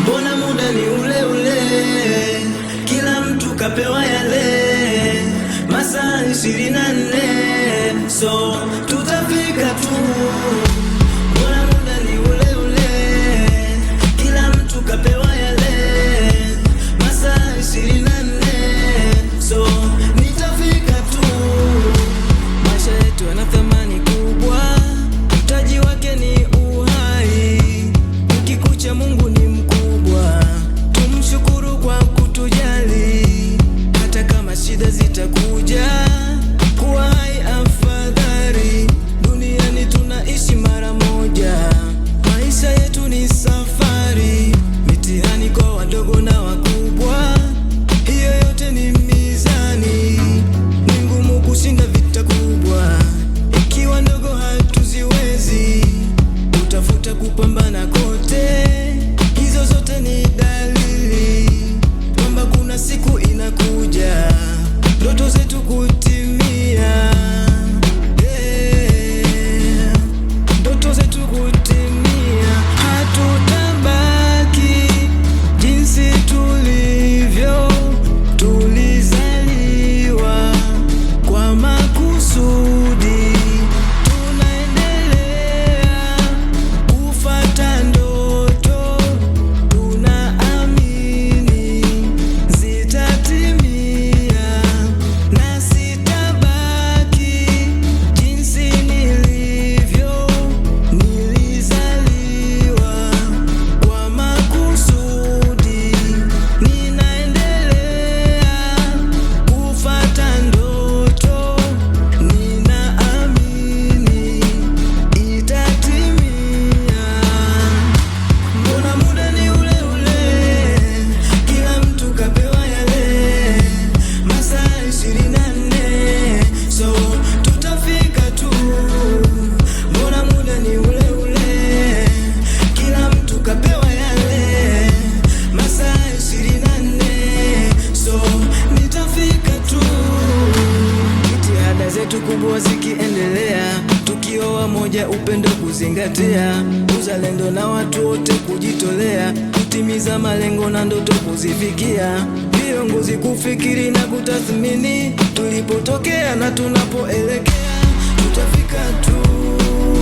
Mbona muda ni ule ule, kila mtu kapewa yale masaa 24 so ya kupambana kote, hizo zote ni dalili kwamba kuna siku inakuja ndoto zetu kuti umoja, upendo, kuzingatia uzalendo na watu wote kujitolea, kutimiza malengo na ndoto kuzifikia, viongozi kufikiri na kutathmini tulipotokea na tunapoelekea, tutafika tu.